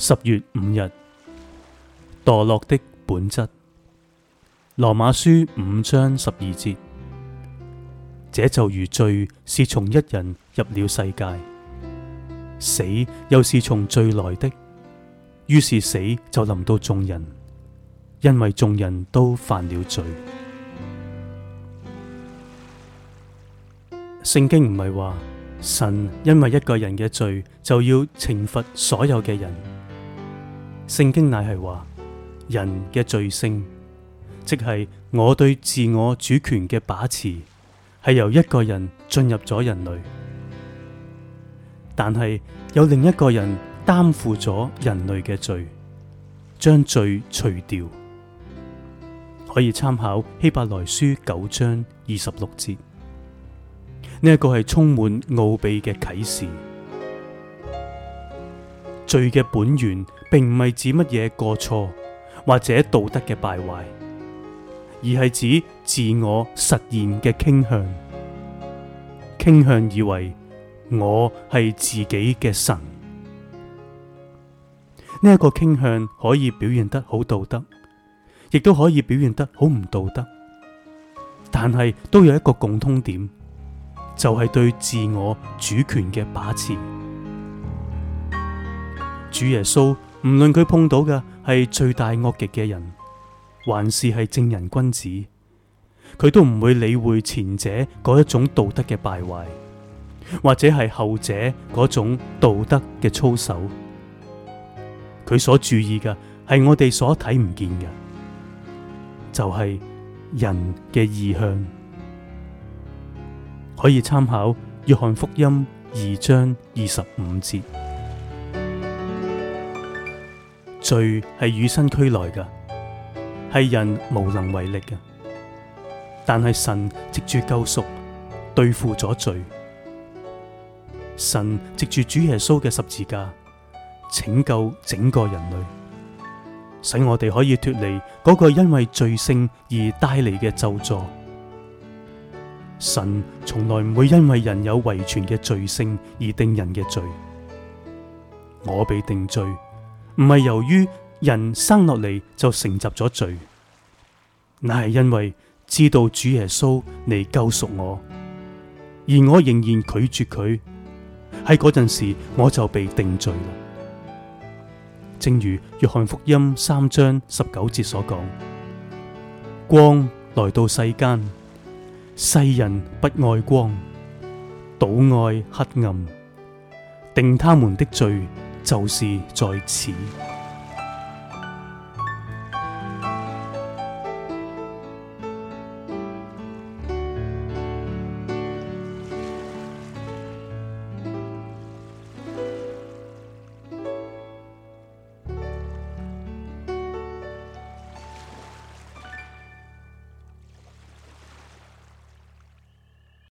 十月五日，墮落的本質。羅馬書五章十二節，這就如罪是從一人入了世界，死又是從罪來的，於是死就臨到眾人，因為眾人都犯了罪。聖經唔係話神因為一個人嘅罪就要懲罰所有嘅人。聖經乃係話人嘅罪性，即係我對自我主權嘅把持，係由一個人進入咗人類，但係有另一個人擔負咗人類嘅罪，將罪除掉。可以參考希伯來書九章二十六節，呢一個係充滿奧秘嘅啟示。罪嘅本源，並唔係指乜嘢過錯或者道德嘅敗壞，而係指自我實現嘅傾向，傾向以為我係自己嘅神。呢一個傾向可以表現得好道德，亦都可以表現得好唔道德，但係都有一個共通點，就係對自我主權嘅把持。主耶穌無論佢碰到嘅係最大惡極嘅人，還是係正人君子，佢都唔會理會前者嗰一種道德嘅敗壞，或者係後者嗰種道德嘅操守。佢所注意嘅係我哋所睇唔見嘅，就係人嘅意向。可以參考約翰福音二章二十五節。罪係與生俱來嘅，係人無能為力嘅。但係神藉住救贖對付咗罪，神藉住主耶穌嘅十字架拯救整個人類，使我哋可以脫離嗰個因為罪性而帶嚟嘅咒詛。神從來唔會因為人有遺傳嘅罪性而定人嘅罪，我被定罪，唔係由於人生落嚟就承襲咗罪，乃係因為知道主耶穌嚟救贖我，而我仍然拒絕佢，喺嗰陣時我就被定罪。正如約翰福音三章十九節所講：光來到世間，世人不愛光，倒愛黑暗，定他們的罪。就是在此。